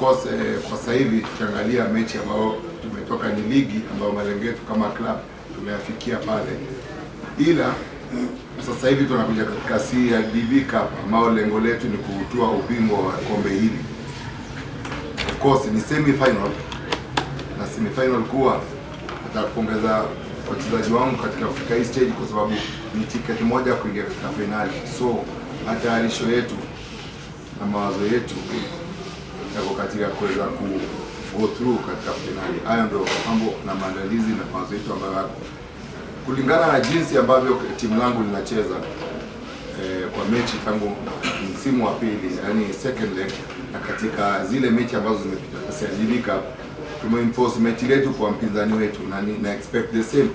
course eh, kwa sasa hivi tukiangalia mechi ambayo tumetoka, ni ligi ambayo malengo yetu kama club tumeyafikia pale, ila sasa hivi tunakuja katika CRDB Cup ambayo lengo letu ni kuutua ubingwa wa kombe hili. Of course ni semi final na semi final, kuwa atakupongeza wachezaji wangu katika kufika hii stage, kwa sababu ni tiketi moja kuingia katika finali. So matayarisho yetu na mawazo yetu yako katika kuweza ku go through katika fainali. Hayo ndio mambo na maandalizi na mazoezi yetu ambayo yako kulingana na jinsi ambavyo timu yangu linacheza eh, kwa mechi tangu msimu wa pili, yani second leg, na katika zile mechi ambazo zimesajilika tumeinforce mechi letu kwa mpinzani wetu, na, ni, na expect the same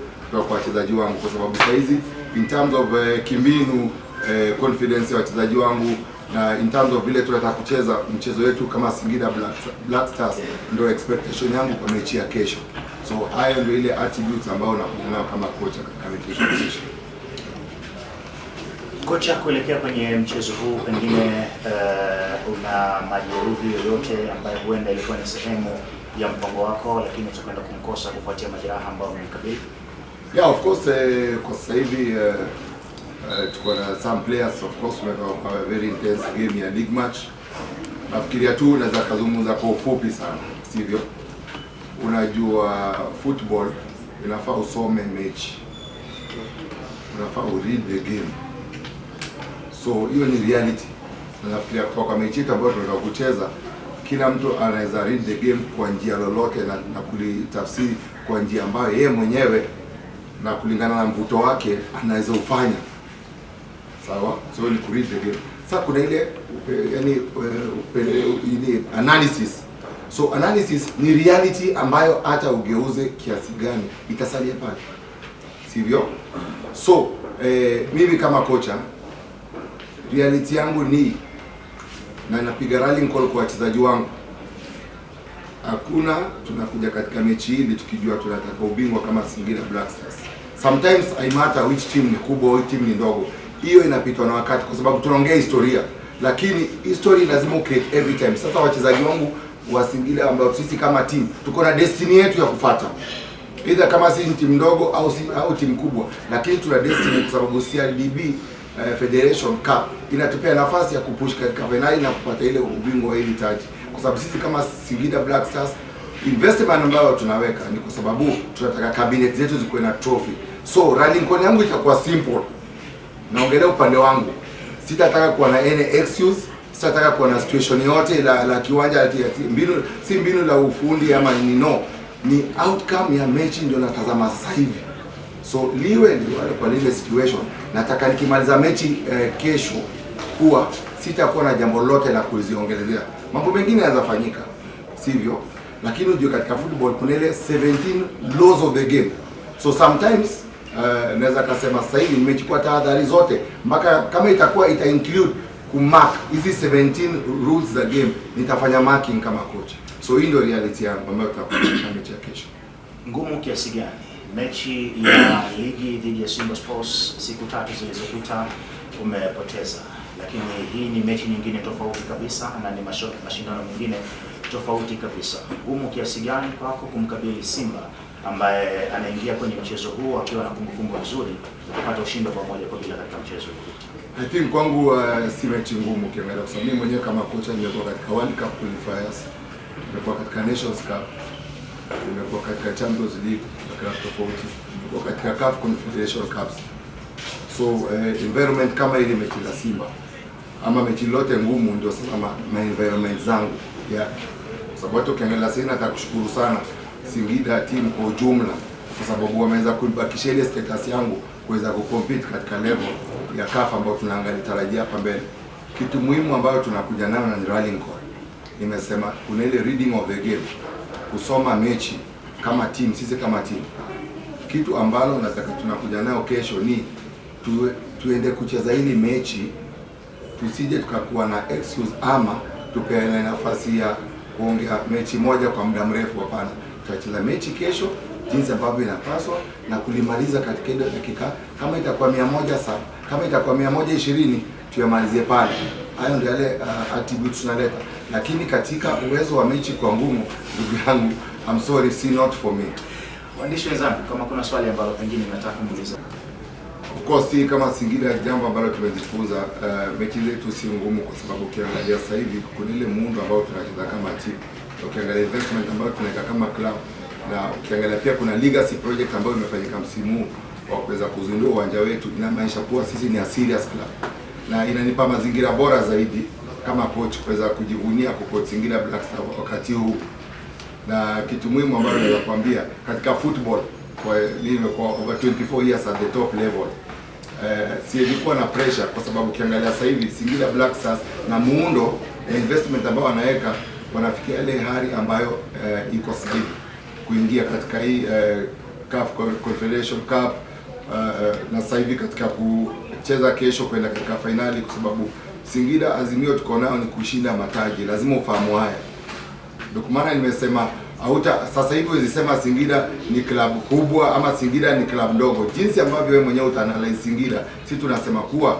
kwa wachezaji wangu, kwa sababu saizi in terms of eh, kimbinu eh, confidence ya wachezaji wangu na in terms of vile tunataka kucheza mchezo wetu kama Singida Black, Black Stars, ndio expectation yangu kwa mechi ya kesho. So hayo ndio ile attributes ambayo nakuja nayo kama kocha katika mechi Kocha, kuelekea kwenye mchezo huu pengine uh, una majeruhi yoyote ambayo huenda ilikuwa ni sehemu ya mpango wako, lakini utakwenda kumkosa kufuatia majeraha ambayo umemkabili? Yeah, of course eh, kwa sasa hivi eh, Eh, tuko na some players of course, a very intense game ya league match. Nafikiria tu naweza kuzungumza kwa ufupi sana, sivyo? Unajua football inafaa usome mechi, unafaa u read the game, so hiyo ni reality. Nafikiria kwa mechi yetu ambayo tunataka kucheza, kila mtu anaweza read the game kwa njia lolote na, na kulitafsiri kwa njia ambayo yeye mwenyewe na kulingana na mvuto wake anaweza ufanya sawa, so ni ku the game. Sasa kuna ile yani ile analysis So analysis ni reality ambayo hata ugeuze kiasi gani itasalia pale, sivyo? So eh, mimi kama kocha reality yangu ni na napiga rallying call kwa wachezaji wangu, hakuna tunakuja katika mechi hili tukijua tunataka ubingwa kama Singida Black Stars. Sometimes I matter which team ni kubwa, which team ni ndogo hiyo inapitwa na wakati, kwa sababu tunaongea historia, lakini history lazima create every time. Sasa wachezaji wangu wa wasingile ambao sisi kama team tuko na destiny yetu ya kufuata, either kama sisi timu ndogo au si, au timu kubwa, lakini tuna destiny kwa sababu CRDB uh, eh, Federation Cup inatupea nafasi ya kupush katika finali na kupata ile ubingwa wa ile taji, kwa sababu sisi kama Singida Black Stars investment ambayo tunaweka ni kwa sababu tunataka cabinet zetu zikuwe na trophy, so running kwa yangu itakuwa simple naongelea upande wangu, sitataka kuwa na any excuse, sitataka kuwa na situation yote la, la kiwanja ati, ati, mbinu, si mbinu la ufundi ama ni no, ni outcome ya mechi ndio natazama sasa hivi, so liwe liwale kwa lile situation. Nataka nikimaliza mechi eh, kesho kuwa sitakuwa na jambo lolote la kuziongelezea. Mambo mengine yanawezafanyika, sivyo? Lakini ujue katika football kuna ile 17 laws of the game, so sometimes Eh, naweza kasema sasa hivi nimechukua tahadhari zote, mpaka kama itakuwa ita include kumark hizi 17 rules za game, nitafanya marking kama coach. So hii ndio reality yangu ambayo tutakuwa mechi ya kesho. Ngumu kiasi gani mechi ya ligi dhidi ya Simba Sports siku tatu zilizopita umepoteza, lakini hii ni mechi nyingine tofauti kabisa na ni mashindano mengine tofauti kabisa. Ngumu kiasi gani kwako kumkabili Simba ambaye anaingia kwenye mchezo huu akiwa na kumbukumbu nzuri kupata ushindi wa moja kwa bila katika mchezo huu. I think kwangu uh, si mechi ngumu kiangalia, kwa sababu mimi mwenyewe kama kocha nilikuwa katika World Cup qualifiers, nilikuwa katika Nations Cup, nimekuwa katika Champions League na klabu tofauti, nilikuwa katika CAF Confederation Cups. So uh, environment kama ile mechi za Simba ama mechi lote ngumu ndio sasa na environment zangu ya yeah, sababu hata ukiangalia sina atakushukuru sana Singida team kwa ujumla, kwa sababu wameweza kubakisha ile status yangu kuweza kucompete katika level ya kafa ambayo tunaangalia tarajia hapa mbele. Kitu muhimu ambayo tunakuja nayo na rallying call, nimesema kuna ile reading of the game, kusoma mechi kama team, sisi kama team. Kitu ambalo nataka tunakuja nayo kesho ni tu, tuende kucheza hili mechi, tusije tukakuwa na excuse ama tupeane nafasi ya kuongea mechi moja kwa muda mrefu. Hapana tutacheza mechi kesho jinsi ambavyo inapaswa na kulimaliza katika ile dakika kama itakuwa mia moja saba kama itakuwa mia moja ishirini tuyamalizie pale. Hayo ndio yale uh, attributes tunaleta, lakini katika uwezo wa mechi kwa ngumu, ndugu yangu, I'm sorry, see not for me. Waandishi wenzangu, kama kuna swali ambalo pengine nataka muuliza of course, hii kama Singida, jambo ambalo tumejifunza uh, mechi zetu si ngumu, kwa sababu ukiangalia sasa hivi kuna ile muundo ambao tunacheza kama timu ukiangalia investment ambayo tunaweka kama club, na ukiangalia pia kuna legacy project ambayo imefanyika msimu huu wa kuweza kuzindua uwanja wetu, inamaanisha kuwa sisi ni a serious club na inanipa mazingira bora zaidi kama coach kuweza kujivunia kwa Singida Black Stars wakati huu. Na kitu muhimu ambayo naweza kuambia katika football kwa live kwa over 24 years at the top level eh, siilikuwa na pressure, kwa sababu ukiangalia sasa hivi Singida Black Stars na muundo investment ambao anaweka wanafikia ile hali ambayo uh, iko sahihi kuingia katika hii uh, CAF Confederation Cup uh, na sasa hivi katika kucheza kesho kwenda katika fainali, kwa sababu Singida azimio tuko nayo ni kushinda mataji. Lazima ufahamu haya, ndio maana nimesema hauta sasa hivi uzisema Singida ni klabu kubwa ama Singida ni klabu ndogo. Jinsi ambavyo wewe mwenyewe utaanalize Singida, si tunasema kuwa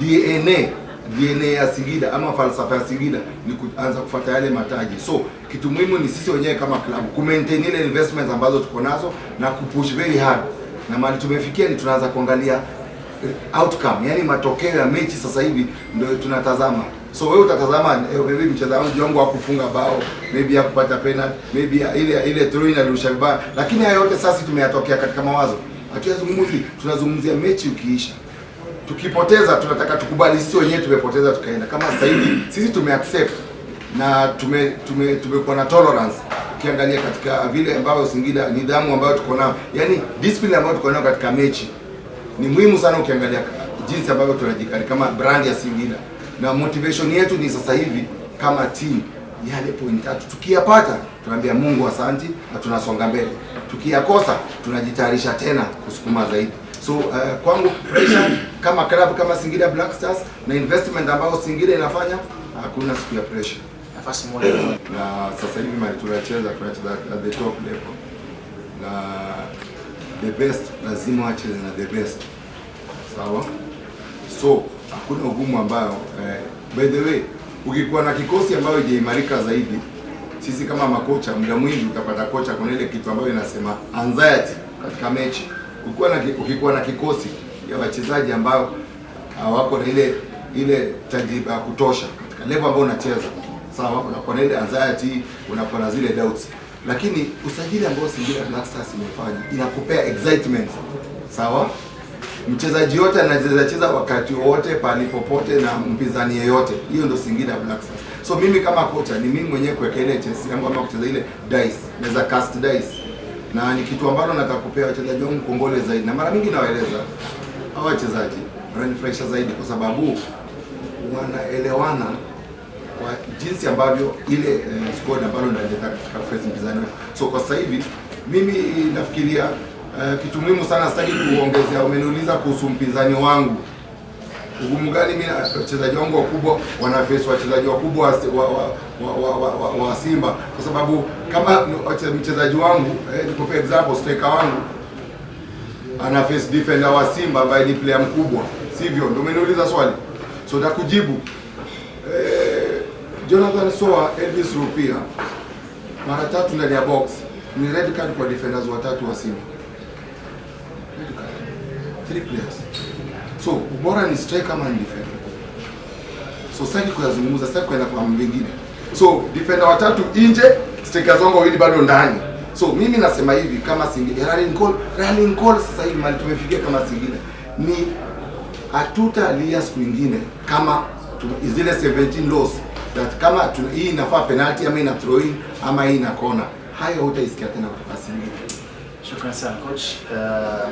DNA DNA ya Singida ama falsafa ya Singida ni kuanza kufuata yale mataji. So kitu muhimu ni sisi wenyewe kama club ku maintain ile investments ambazo tuko nazo na kupush very hard, na mali tumefikia ni tunaanza kuangalia eh, outcome, yani matokeo ya mechi sasa hivi ndio tunatazama. So wewe utatazama eh, maybe mchezaji wangu wa kufunga bao, maybe ya kupata penalty, maybe ya ile ile throw in inarusha vibaya, lakini hayo yote sasa tumeyatokea katika mawazo. Hatuzungumzi, tunazungumzia mechi ukiisha tukipoteza tunataka tukubali, sisi wenyewe tumepoteza tukaenda. Kama sasa hivi sisi tumeaccept na tume tumekuwa na tolerance. Ukiangalia katika vile ambavyo Singida, nidhamu ambayo tuko nayo, yani discipline ambayo tuko nayo katika mechi ni muhimu sana, ukiangalia jinsi ambavyo tunajikali kama brand ya Singida, na motivation yetu ni sasa hivi kama team yale point tatu tukiyapata, tunaambia Mungu asanti na tunasonga mbele. Tukiyakosa tunajitayarisha tena kusukuma zaidi. So uh, kwangu pressure kama club kama Singida Black Stars na investment ambayo Singida inafanya hakuna siku ya pressure. Nafasi moja na sasa hivi mali tunacheza tunacheza at the top level. Na the best lazima wacheze na the best. Sawa? So hakuna ugumu ambayo eh, by the way ukikuwa na kikosi ambayo ijaimarika zaidi, sisi kama makocha, muda mwingi utapata kocha kuna ile kitu ambayo inasema anxiety katika mechi ukikuwa na ukikuwa na kikosi ya wachezaji ambao hawako na ile ile tajriba ya kutosha katika level ambayo unacheza sawa, unakuwa na ile anxiety, unakuwa na zile doubts, lakini usajili ambao Singida Black Stars imefanya inakupea excitement sawa. Mchezaji yote anacheza cheza wakati wote popote na mpinzani yeyote, hiyo ndio Singida Black Stars. So mimi kama kocha ni mimi mwenyewe kuweka ile chance yangu ama kucheza ile dice, naweza cast dice na ni kitu ambalo nataka kupea wachezaji wangu kongole zaidi, na mara nyingi nawaeleza hao wachezaji wananifurahisha zaidi kwa sababu wanaelewana kwa jinsi ambavyo ile eh, squad ambayo ndaleta katika phase mpizani. So kwa sasa hivi mimi nafikiria eh, kitu muhimu sana sitaki kuongezea. Umeniuliza kuhusu mpinzani wangu ugumu gani? Mimi wachezaji wangu wakubwa wanafesi wachezaji wakubwa wa, wa, wa, wa, wa, wa Simba, kwa sababu kama mchezaji wangu eh, nikupe example striker wangu ana face defender wa Simba ambaye ni player mkubwa, sivyo? Ndio umeniuliza swali, so nakujibu Eh, Jonathan Soa, Elvis Rupia mara tatu ndani ya box ni red card kwa defenders watatu wa Simba, red card three players So ubora ni striker ama ni defender. So sitaki kuyazungumza, sitaki kwenda kwa mwingine. So defender watatu nje, striker zangu wawili bado ndani. So mimi nasema hivi kama Singida running call, running call sasa hivi mali tumefikia kama Singida. Ni hatutalia siku nyingine kama zile 17 loss that kama tu, hii inafaa penalty ama ina throw in ama hii ina kona. Hayo hutaisikia tena kutoka Singida. Shukrani sana coach. Uh,